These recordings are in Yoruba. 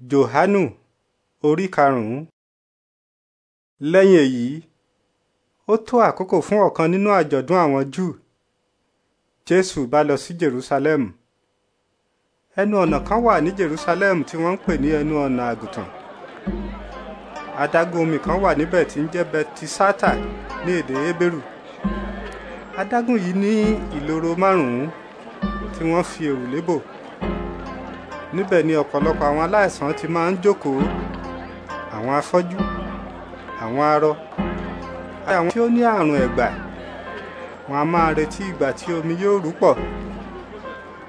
johanu orí karùn-ún lẹ́yìn èyí ó tó àkókò fún ọ̀kan nínú àjọ̀dún àwọn júù jésù bá lọ sí jerusalem ẹnu ọ̀nà kan wà ní jerusalem tí wọ́n ń pè ní ẹnu ọ̀nà àgùntàn adágún omi kan wà níbẹ̀ tí ń jẹ́ betisata ní èdè hébérù adágún yìí ní ìloro márùn-ún tí wọ́n fi èrù lébò níbẹ̀ ni ọ̀pọ̀lọpọ̀ àwọn aláìsàn ti máa ń jókòó àwọn afọ́jú àwọn arọ àti àwọn tí ó ní àrùn ẹ̀gbà wọn a máa retí ìgbà tí omi yóò rú pọ̀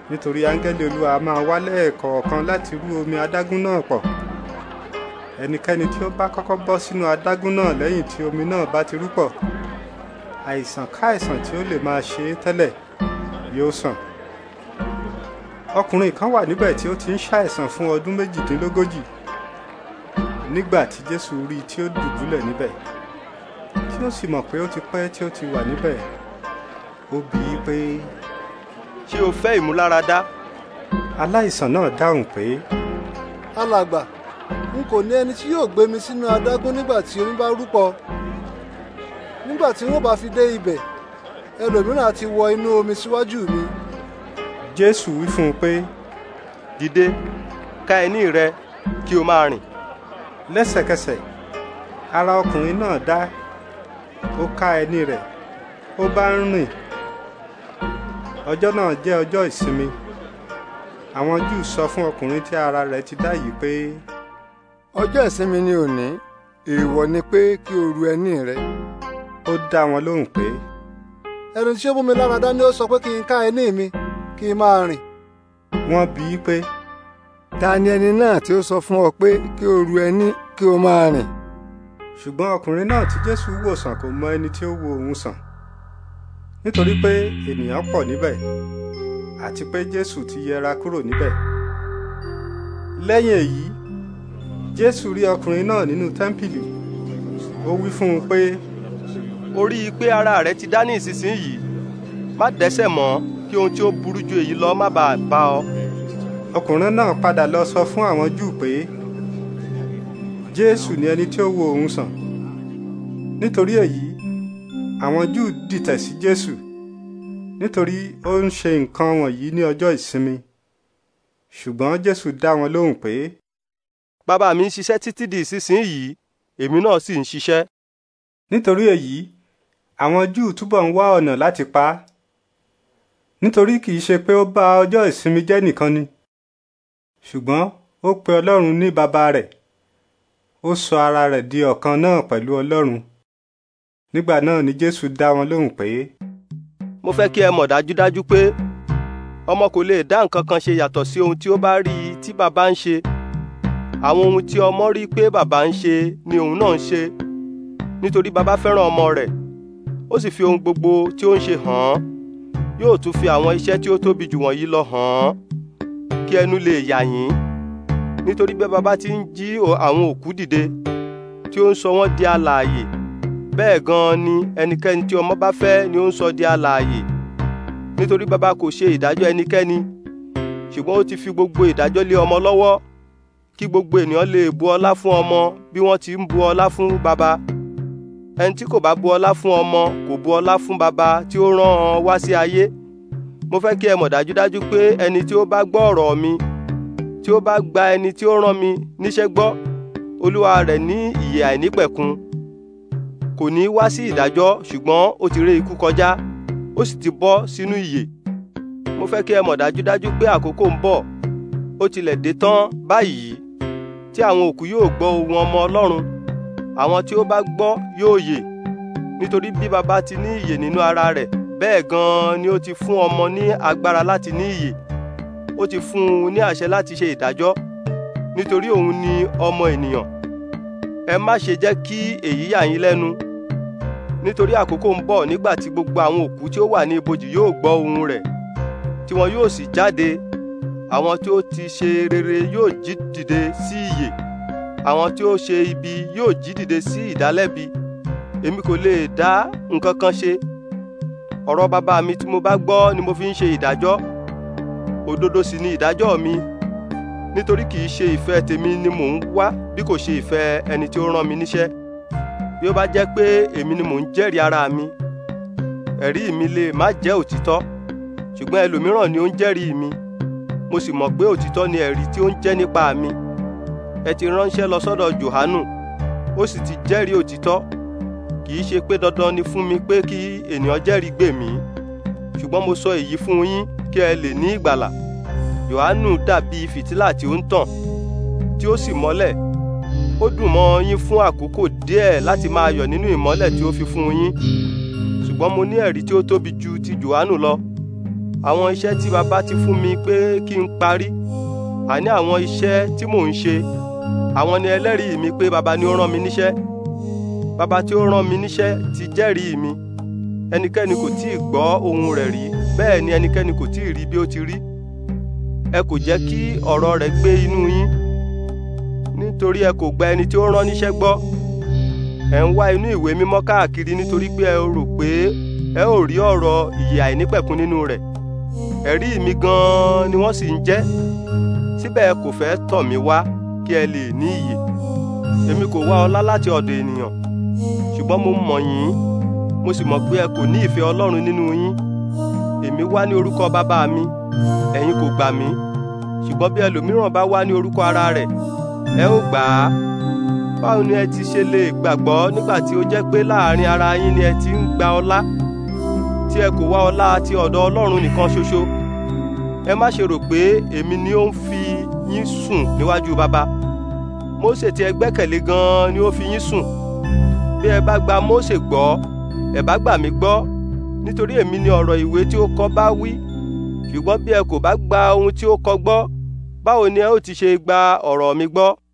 nítorí áńgẹ́lì olúwa a máa wá lẹ́ẹ̀kọ̀ọ̀kan láti rú omi adágún náà pọ̀ ẹnikẹ́ni tí ó bá kọ́kọ́ bọ́ sínú adágún náà lẹ́yìn tí omi náà bá ti rú pọ̀ àìsàn káàìsàn tí ó lè máa ṣe é tẹ́lẹ̀ yóò sàn ọkùnrin kan wà níbẹ̀ tí ó ti ń ṣàìsàn fún ọdún méjìdínlógójì nígbà tí jésù rí tí ó dùbúlẹ̀ níbẹ̀ tí ó sì mọ̀ pé ó ti pẹ́ tí ó ti wà níbẹ̀ ó bi í pé. ṣé o fẹ́ ìmúláradá. aláìsàn náà dáhùn pé. alàgbà n kò ní ẹni tí yóò gbé mi sínú adágún nígbà tí omi bá rúpọ nígbà tí wọn bá fi dé ibẹ̀ ẹlòmíràn á ti wọ inú omi síwájú mi. Si jésù wí fún un pé dìde ká ẹní rẹ kí o máa rìn lẹ́sẹ̀kẹsẹ̀ ara ọkùnrin náà dá ó ká ẹní rẹ̀ ó bá ń rìn ọjọ́ náà jẹ́ ọjọ́ ìsinmi àwọn júù sọ fún ọkùnrin tí ara rẹ̀ ti dá yìí pé. ọjọ́ ìsinmi ni òní èèwọ̀ ni pé kí o ru ẹní rẹ. ó dá wọn lóhùn pé. ẹni tí ó mú mi lára dá ó sọ pé kí n ká ẹní mi kí máa rìn. wọ́n bi í pé. ta ni ẹni náà tí ó sọ fún ọ pé kí o ru ẹní kí o máa rìn. ṣùgbọ́n ọkùnrin náà tí jésù wò sàn kò mọ ẹni tí ó wo òun sàn nítorí pé ènìyàn pọ̀ níbẹ̀ àti pé jésù ti yẹra kúrò níbẹ̀. lẹ́yìn èyí jésù rí ọkùnrin náà nínú tẹ́ḿpìlì ó wí fún un pé. ó i pé ara rẹ ti dá ní ìsinsìnyí má dẹ́ṣẹ̀ mọ́ kí ohun tí ó burú ju èyí lọ má bàa bá ọ. ọkùnrin náà padà lọ sọ fún àwọn júù pé jésù ni ẹni tí ó wo òun sàn nítorí èyí àwọn júù dìtẹ̀ sí jésù nítorí ó ń ṣe nǹkan wọ̀nyí ní ọjọ́ ìsinmi ṣùgbọ́n jésù dá wọn lóhùn pé. bàbá mi ń ṣiṣẹ́ títí di ìsinsìnyí èmi náà sì ń ṣiṣẹ́. nítorí èyí àwọn júù túbọ̀ ń wá ọ̀nà láti pa á nítorí kì í ṣe pé ó bà ọjọ́ ìsinmi jẹ́ nìkan ni ṣùgbọ́n ó pe ọlọ́run ní bàbá rẹ̀ ó sọ ara rẹ̀ di ọ̀kan náà pẹ̀lú ọlọ́run nígbà náà ni jésù dá wọn lóhùn pé. mo fẹ́ kí ẹ mọ̀ dájúdájú pé ọmọ kò lè dá nǹkan kan ṣe yàtọ̀ sí ohun tí ó bá rí i tí bàbá ń ṣe àwọn ohun tí ọmọ rí pé bàbá ń ṣe ni òun náà ń ṣe nítorí bàbá fẹ́ràn ọmọ rẹ̀ ó sì fi ohun gbogbo tí ó ń ṣe hàn án yóò tún fi àwọn iṣẹ́ tí ó tóbi jù wọ̀nyí lọ hàn án kí ẹnu lè yà yín nítorí bí baba ti ń jí àwọn òkú dìde tí ó ń sọ wọ́n di alààyè bẹ́ẹ̀ gan-an ni ẹnikẹ́ni tí ọmọ bá fẹ́ ni ó ń sọ di alààyè nítorí baba kò ṣe ìdájọ́ ẹnikẹ́ni ṣùgbọ́n ó ti fi gbogbo ìdájọ́ lé ọmọ lọ́wọ́ kí gbogbo ènìyàn lè bu ọlá fún ọmọ bí wọ́n ti ń bu ọlá fún baba ẹni tí kò bá bu ọlá fún ọmọ kò bu ọlá fún baba tí ó rán ọ wá sí ayé mo fẹ́ kí ẹ mọ̀ dájúdájú pé ẹni tí ó bá gbọ́ ọ̀rọ̀ mi tí ó bá gba ẹni tí ó rán mi níṣẹ́ gbọ́ olúwa rẹ̀ ní ìyè àìnípẹ̀kun kò ní wá sí ìdájọ́ ṣùgbọ́n ó ti ré ikú kọjá ó sì ti bọ́ sínú ìyè mo fẹ́ kí ẹ mọ̀ dájúdájú pé àkókò ń bọ̀ ó tilẹ̀ dé tán báyìí tí àwọn òkú yóò gbọ́ ohùn ọmọ ọlọ́run àwọn tí ó bá gbọ́ yóò yè nítorí bí baba ti ní ìyè nínú ara rẹ̀ bẹ́ẹ̀ gan-an ni ó ti fún ọmọ ní agbára láti ní ìyè ó ti fún un ní àṣẹ láti ṣe ìdájọ́ nítorí òun ni ọmọ ènìyàn ẹ má ṣe jẹ́ kí èyí yà yín lẹ́nu nítorí àkókò ń bọ̀ nígbà tí gbogbo àwọn òkú tí ó wà ní ibojì yóò gbọ́ ohùn rẹ̀ tí wọn yóò sì jáde àwọn tí ó ti ṣe rere yóò jí dìde sí ìyè. Si àwọn tí ó ṣe ibi yóò jí dìde sí ìdálẹ́bi èmi kò lè dá nǹkan kan ṣe ọ̀rọ̀ bàbá mi tí mo bá gbọ́ ni mo fi ń ṣe ìdájọ́ òdodo sì ni ìdájọ́ mi nítorí kì í ṣe ìfẹ́ tèmi ni mò ń wá bí kò ṣe ìfẹ́ ẹni tí ó rán mi níṣẹ́ bí ó bá jẹ́ pé èmi ni mò ń jẹ́rìí ara mi ẹ̀rí mi lè má jẹ́ òtítọ́ ṣùgbọ́n ẹlòmíràn ni ó ń jẹ́rìí mi mo sì mọ̀ pé òtítọ́ ni ẹ̀rí tí ó ń jẹ́ nípa mi ẹ ti ránṣẹ́ lọ sọ́dọ̀ Jòhánù ó sì ti jẹ́rìí òtítọ́ kì í ṣe pé dandan ni fún mi pé kí ènìyàn jẹ́rìí gbè mí ṣùgbọ́n mo sọ èyí fún yín kí ẹ lè ní ìgbàlà Jòhánù dàbí fìtílà tí ó ń tàn tí ó sì mọ́lẹ̀ ó dùn mọ́ yín fún àkókò díẹ̀ láti máa yọ̀ nínú ìmọ́lẹ̀ tí ó fi fún yín ṣùgbọ́n mo ní ẹ̀rí tí ó tóbi ju ti Jòhánù lọ àwọn iṣẹ́ tí baba ti fún mi pé kí n parí àní àwọn iṣẹ́ tí mò ń ṣe àwọn ni ẹlẹ́rìí mi pé baba ni ó rán mi níṣẹ́ baba tí ó rán mi níṣẹ́ ti jẹ́rìí mi ẹnikẹ́ni kò tí ì gbọ́ ohun rẹ̀ rí bẹ́ẹ̀ ni ẹnikẹ́ni kò tí ì rí bí ó ti rí ẹ kò jẹ́ kí ọ̀rọ̀ rẹ̀ gbé inú yín nítorí ẹ kò gba ẹni tí ó rán níṣẹ́ gbọ́ ẹ ń wá inú ìwé mímọ́ káàkiri nítorí pé ẹ rò pé ẹ ò rí ọ̀rọ̀ ìyè àìnípẹ̀kun nínú rẹ̀ ẹ̀rí mi gan-an ni wọ́n sì ń jẹ́ síbẹ̀ ẹ kò fẹ́ tọ̀ mí wá kí ẹ lè ní ìyè èmi kò wá ọlá láti ọ̀dọ̀ ènìyàn ṣùgbọ́n mo mọ̀ yín mo sì mọ̀ pé ẹ kò ní ìfẹ́ Ọlọ́run nínú yín èmi wá ní orúkọ bàbá mi ẹ̀yin kò gbà mí ṣùgbọ́n bí ẹlòmíràn bá wá ní orúkọ ara rẹ̀ ẹ ó gbà á báwo ni ẹ ti ṣe lè gbàgbọ́ nígbà tí ó jẹ́ pé láàrin ara yín ni ẹ ti ń gba ọlá tí ẹ kò wá ọlá ti ọ̀dọ̀ Ọlọ́run nìkan ṣoṣo ẹ má ṣe rò pé èmi ni ó ń fi yín sùn níwájú bàbá Mósè tí ẹ gbẹ́kẹ̀lé gan-an ni ó fi yín sùn bí ẹ bá gba Mósè gbọ́ ẹ bá gbà mí gbọ́ nítorí èmi ni ọ̀rọ̀ ìwé tí ó kọ bá wí ṣùgbọ́n bí ẹ kò bá gba ohun tí ó kọ gbọ́ báwo ni ẹ ó ti ṣe gba ọ̀rọ̀ mi gbọ́